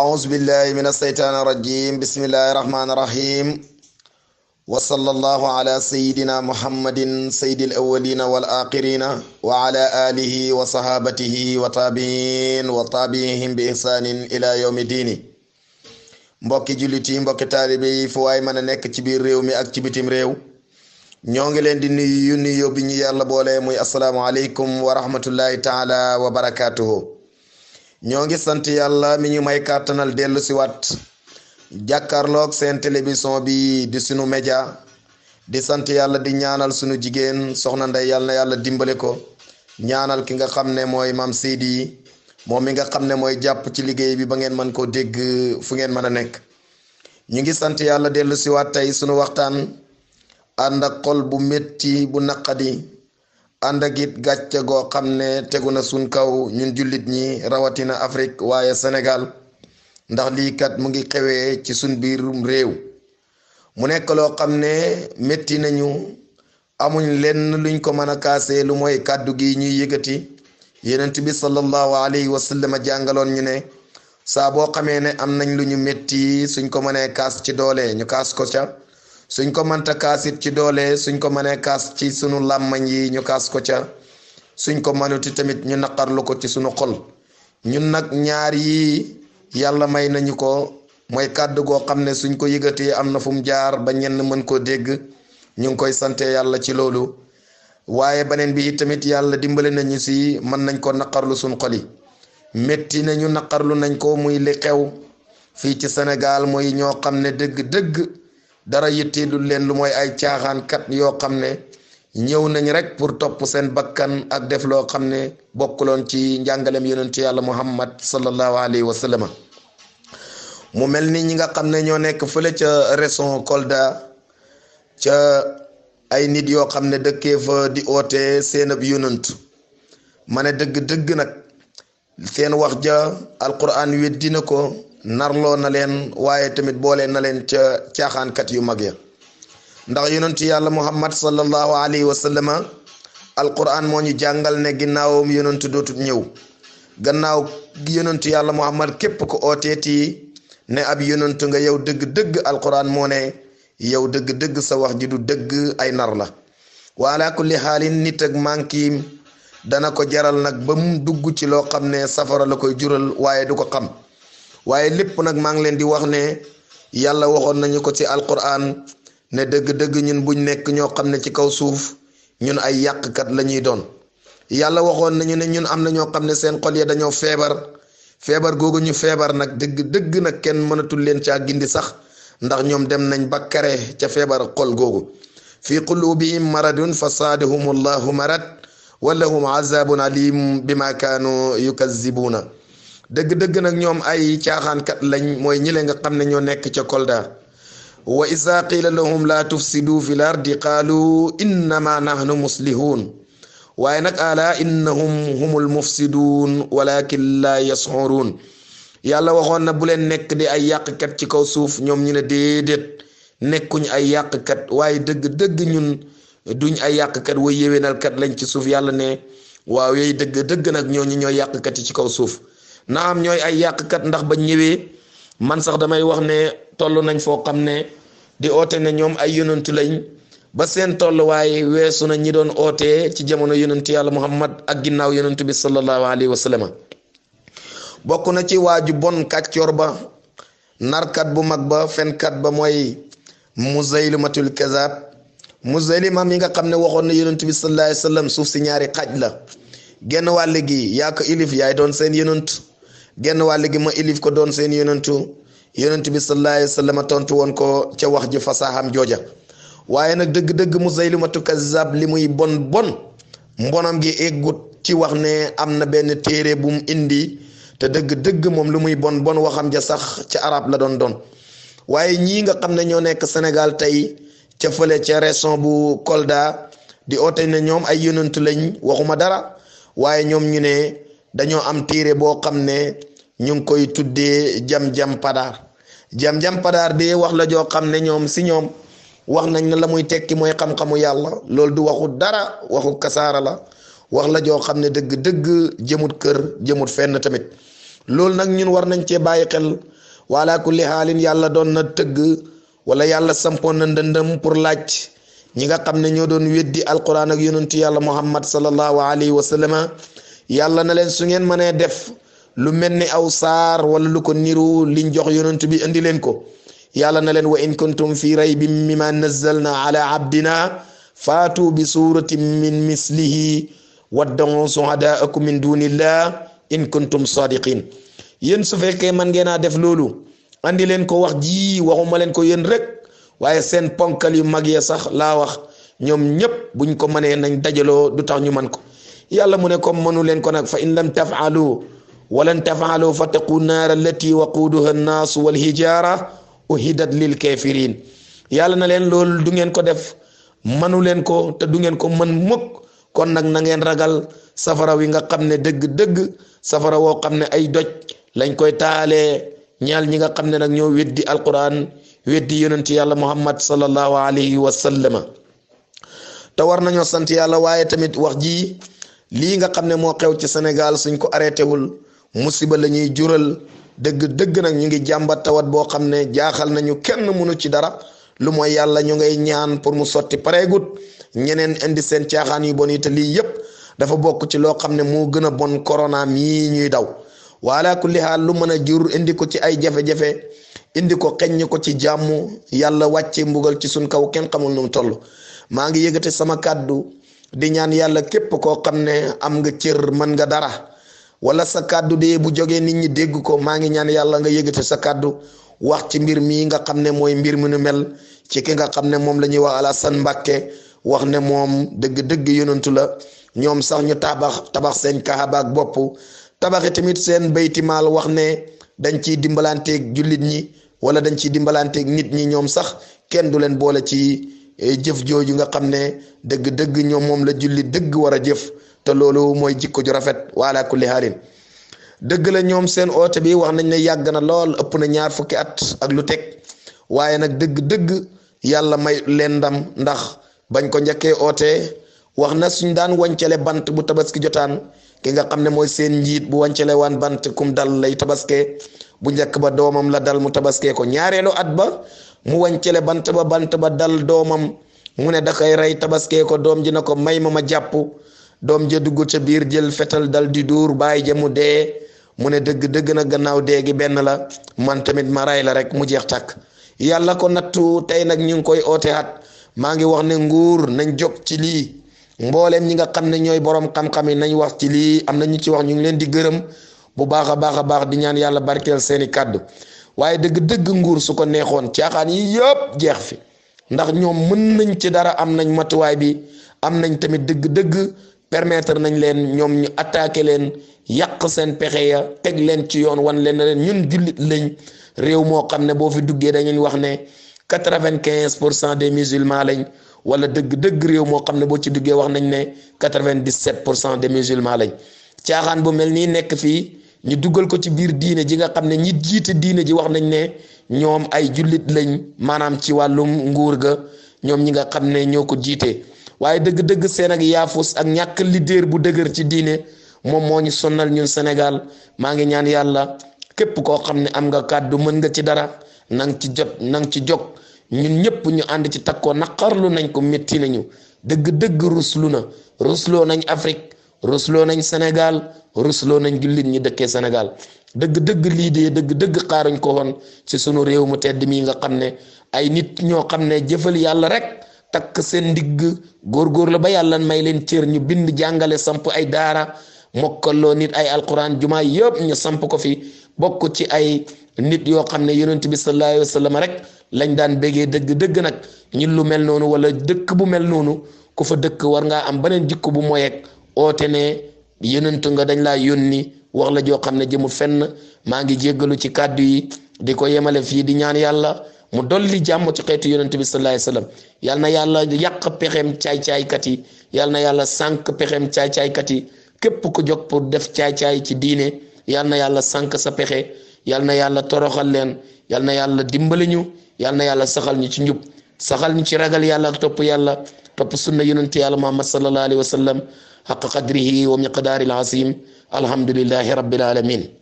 أعوذ بالله من الشيطان الرجيم بسم الله الرحمن الرحيم وصلى الله على سيدنا محمد سيد الأولين والآخرين وعلى آله وصحابته وتابعين وتابعيهم بإحسان إلى يوم الدين mbokki jullit yi mbokki taalibe yi fu waay mën a nekk ci biir réew mi ak ci bitim réew ñoo ngi leen di nuyu nuyu bi ñu yàlla boole muy asalaamualeykum wa rahmatullahi taala wa barakaatuhu ñoo ngi sant yàlla mi ñu may kàttanal dellu si waat jàkkaarloog seen télévision bi di sunu média di sant yàlla di ñaanal sunu jigéen soxna ndey yàlla yàlla dimbale ko ñaanal ki nga xam ne mooy maam Seydi moom mi nga xam ne mooy jàpp ci liggéey bi ba ngeen mën koo dégg fu ngeen mën a nekk ñu ngi sant yàlla dellu si waat tey sunu waxtaan ànd ak xol bu métti bu naqadi ànd ak it gàcce goo xam ne tegu na suñ kaw ñun jullit ñi rawatina Afrique waaye Sénégal ndax lii kat mu ngi xewee ci suñ biirum réew mu nekk loo xam ne metti nañu amuñ lenn luñ ko mën a kaasee lu mooy kàddu gi ñuy yëkkati yeneen bi sallallahu alayhi wa sallam jàngaloon ñu ne saa boo xamee ne am nañ lu ñu métti suñ ko mënee kaas ci doole ñu kaas ko ca. suñ ko mënta kaas ci doole suñ ko mënee kaas ci sunu làmmañ yi ñu kaas ko ca suñ ko mënuti tamit ñu naqarlu ko ci sunu xol ñun nag ñaar yi yàlla may nañu ko mooy kàddu goo xam ne suñ ko yëgatee am na fu mu jaar ba ñenn mën koo dégg ñu ngi koy sante yàlla ci loolu waaye beneen bi tamit yàlla dimbali nañu si mën nañ ko naqarlu suñ xol yi métti nañu naqarlu nañ ko muy li xew fii ci Sénégal mooy ñoo xam ne dëgg dëgg dara yitteelul leen lu mooy ay caaxaankat yoo xam ne ñëw nañ rek pour topp seen bakkan ak def loo xam ne bokkuloon ci njàngalem yonentu yàlla muhammad sallallahu alayhi wa sallam mu mel ni ñi nga xam ne ñoo nekk fële ca région Kolda ca ay nit yoo xam ne dëkkee fa di oote seen ab yonent ma ne dëgg dëgg nag seen wax ja alquran weddi na ko narloo na leen waaye tamit boole na leen ca caaxaankat yu mag ya ndax yonentu yàlla muhammad sallallahu alayhi wa sallama alquran moo ñu jàngal ne ginnaawam yonentu dootut ñëw gannaaw yonentu yàlla muhammad képp ko ooteeti ne ab yonentu nga yow dëgg-dëgg alquran moo ne yow dëgg-dëgg sa wax ji du dëgg ay nar la waala kulli xaalin nit ak mankiim dana ko jaral nag ba dugg ci loo xam ne safara la koy jural waaye du ko xam waaye lépp nag maa ngi leen di wax ne yàlla waxoon nañu ko ci alquran ne dëgg-dëgg ñun buñ nekk ñoo xam ne ci kaw suuf ñun ay yàqkat la ñuy doon yàlla waxoon nañu ne ñun am na ñoo xam ne seen xol ya dañoo feebar feebar googu ñu feebar nag dëgg dëgg nag kenn mënatul leen caa gindi sax ndax ñoom dem nañ ba kare ca feebar xol googu fi qulubihim maradun fa saadahum allahu marad walahum azabun alim bima kaanu yukazibuuna dëgg-dëgg nag ñoom ay caaxaankat lañ mooy ñi le nga xam ne ñoo nekk ca Kolda wa isa qila lahum laa tufsidu fi lardi qaalu innama nahnu muslihuun waaye nag ala innahum humul mufsiduun walakin laa yashuruun yàlla waxoon na bu leen nekk di ay yàqkat ci kaw suuf ñoom ñu ne déedéet nekkuñ ay yàqkat waaye dëgg-dëgg ñun duñ ay yàqkat way yéwénalkat lañ ci suuf yàlla ne waaw yooyu dëgg dëgg nag ñooñu ñooy yàqkat yi ci kaw suuf na am ñooy ay yàqkat ndax ba ñëwee man sax damay wax ne toll nañ foo xam ne di oote ne ñoom ay yonantu lañ ba seen waaye weesu na ñi doon ootee ci jamono yonantu yàlla muhammad ak ginnaaw yonantu bi sallallahu alayhi wa sallam bokk na ci waaju bon kàccoor ba narkat bu mag ba fenkat ba mooy musaylimatul kazab musaylima mi nga xam ne waxoon na yonantu bi sallallahu alayhi wa sallam suuf si ñaari xaaj la genn wàll gi yaa ko yaay doon seen yonantu genn wàll gi ma ilif ko doon seen yonentu yonent bi sallallahu alayhi wa sallam woon ko ca wax ji fasaxam jooja waaye nag dëgg-dëgg musaylimatu kazzab li muy bon bon mbonam gi eggut ci wax ne am na benn téere bu mu indi te dëgg-dëgg moom lu muy bon bon waxam ja sax ca arab la doon doon waaye ñii nga xam ne ñoo nekk senegal tey ca fële ca région bu Kolda di oote ne ñoom ay yonent lañ waxuma dara waaye ñoom ñu ne dañoo am téere boo xam ne ñu ngi koy tuddee jam-jam padaar jam-jam padaar bi wax la joo xam ne ñoom si ñoom wax nañ ne la muy tekki mooy xam-xamu yàlla loolu du waxu dara waxu kasaara la wax la joo xam ne dëgg-dëgg jëmut kër jëmut fenn tamit loolu nag ñun war nañ cee bàyyi xel wala kulli xaalin yàlla doon na tëgg wala yàlla sampoon na ndëndëm pour laaj ñi nga xam ne ñoo doon weddi alquran ak yonentu yàlla muhammad sallallahu alayhi wa sallama yàlla na leen su ngeen mënee def lu mel ni aw saar wala lu ko niru liñ jox yonent bi indi leen ko yàlla na leen wa in kuntum fi raybin mimma nazzalna ala abdina faatu bi suratin min mislihi wad'u shuhadaakum min dunillah in kuntum sadiqin yéen su fekkee man ngeen a def loolu andi leen ko wax ji waxuma leen ko yéen rek waaye seen ponkal yu mag ya sax laa wax ñoom ñëpp buñ ko mënee nañ dajaloo du tax ñu man ko yàlla mu ne comme mënu leen ko nag fa in lam tafaalu walan tafaalu fattaqu naar allati waquuduha annaas walhijaara uhidat lil kafirin yàlla na leen lool du ngeen ko def manu leen ko te du ngeen ko mën mukk kon nag na ngeen ragal safara wi nga xam ne dëgg-dëgg safara woo xam ne ay doj lañ koy taale ñaal ñi nga xam ne nag ñoo weddi alquran weddi yonent yàlla muhammad sallallahu alayhi wa sallama te war nañoo sant yàlla waaye tamit wax ji lii nga xam ne moo xew ci Sénégal suñ ko arrêté wul musiba la ñuy jural dëgg dëgg nag ñu ngi jàmbat tawat boo xam ne jaaxal nañu kenn mënu ci dara lu mooy yàlla ñu ngay ñaan pour mu sotti pareegut ñeneen indi seen caaxaan yu bon yi te lii yëpp dafa bokk ci loo xam ne moo gën a bon corona mii ñuy daw waala kulli haal lu mën a jur indi ko ci ay jafe-jafe indi ko xeññ ko ci jàmm yàlla wàcce mbugal ci sun kaw kenn xamul nu mu toll maa ngi yëgate sama kàddu di ñaan yàlla képp koo xam ne am nga cër mën nga dara. wala sa kàddu de bu jógee nit ñi dégg ko maa ngi ñaan yàlla nga yëgate sa kàddu wax ci mbir mii nga xam ne mooy mbir mi nu mel ci ki nga xam ne moom la ñuy wax Alassane Mbàkke wax ne moom dëgg-dëgg yonantu la ñoom sax ñu tabax tabax seen kaaba ak bopp tabaxi tamit seen baytimaal wax ne dañ ciy dimbalanteeg jullit ñi wala dañ ciy dimbalanteeg nit ñi ñoom sax kenn du leen boole ci eh, jëf jooju nga xam ne dëgg ñoom moom la jullit dëgg war a jëf te loolu mooy jikko ju rafet waala kulli haalin dëgg la ñoom seen oote bi wax nañ ne yàgg na lool ëpp na ñaar fukki at ak lu teg waaye nag dëgg-dëgg yàlla may leen ndam ndax bañ ko njëkkee ote wax na suñ daan wancale bant bu tabaski jotaan ki nga xam ne mooy seen njiit bu wancale waan bant kum dal lay tabaske bu njëkk ba doomam la dal mu tabaskee ko ñaareelu at ba mu wancale bant ba bant ba dal doomam mu ne da koy rey tabaskee ko doom ji na ko may ma ma jàpp doom ja dugg ca biir jël fetal dal di duur bàyyi ja mu dee mu ne dëgg dëgg na gannaaw dee gi benn la man tamit ma ray la rek mu jeex tàkk yàlla ko nattu tey nag ñu ngi koy oote at maa ngi wax ne nguur nañ jóg ci lii mbooleem ñi nga xam ne ñooy borom xam-xam yi nañ wax ci lii am na ñu ci wax ñu ngi leen di gërëm bu baax a baax a baax di ñaan yàlla barkeel seeni kàddu waaye dëgg-dëgg nguur su ko neexoon caaxaan yi yëpp jeex fi ndax ñoom mën nañ ci dara am nañ matuwaay bi am nañ tamit dëgg-dëgg permettre nañ leen ñoom ñu attaquer leen yàq seen pexe ya teg leen ci yoon wan leen ne leen ñun jullit lañ réew moo xam ne boo fi duggee dañuy wax ne quatre-vingt-quinze pour cent des musulmans lañ wala dëgg-dëgg réew moo xam ne boo ci duggee wax nañ ne quatre-vingt-dix-sept pour cent des musulmans lañ caaxaan bu mel nii nekk fii ñu dugal ko ci biir diine ji nga xam ne ñi jiite diine ji wax nañ ne ñoom ay jullit lañ maanaam ci wàllum nguur ga ñoom ñi nga xam ne ñoo ko jiite. waaye dëgg-dëgg seen yaa yaafus ak ñàkk leader bu dëgër ci diine moom moo ñu sonnal ñun senegal maa ngi ñaan yàlla képp koo xam ne am nga kàddu mën nga ci dara nang ci jot nang ci jog ñun ñëpp ñu ànd ci takkoo naqarlu nañ ko métti nañu dëgg-dëgg ruslu na rusloo nañ Afrique rusloo nañ Sénégal rusloo nañ jullit ñu dëkkee Sénégal dëgg-dëgg lii de dëgg-dëgg xaaruñ ko woon ci sunu réew mu tedd mii nga xam ne ay nit ñoo xam ne jëfal yàlla rek. takk seen ndigg góor góor la ba yàlla may leen cër ñu bind jàngale samp ay daara mokkaloo nit ay alquran jumaa yëpp ñu samp ko fi bokk ci ay nit yoo xam ne yonent bi sallallahu alayhi wa sallam rek lañ daan bégee dëgg dëgg nag ñun lu mel noonu wala dëkk bu mel noonu ku fa dëkk war ngaa am beneen jikko bu moyeeg oote ne yonent nga dañ laa yónni wax la joo xam ne jëmu fenn maa ngi jéggalu ci kàddu yi di ko yemale fii di ñaan yàlla mu dolli jàmm ci xeetu yonent bi sallallahu alayhi wasallam yal na yàlla yàq pexeem caay-caaykat yi yal na yàlla sànq pexeem caay-caaykat yi képp ku jóg pour def caay-caay ci diine yal na yàlla sànq sa pexe yal na yàlla toroxal leen yal na yàlla dimbali ñu yal na yàlla saxal ñu ci njub saxal ñu ci ragal yàlla topp yàlla topp sunna yonent yàlla muhammad sallallahu alayhi wasallam haqqa qadrihi wa miqdaaril azim alhamdulillahi rabbil alamin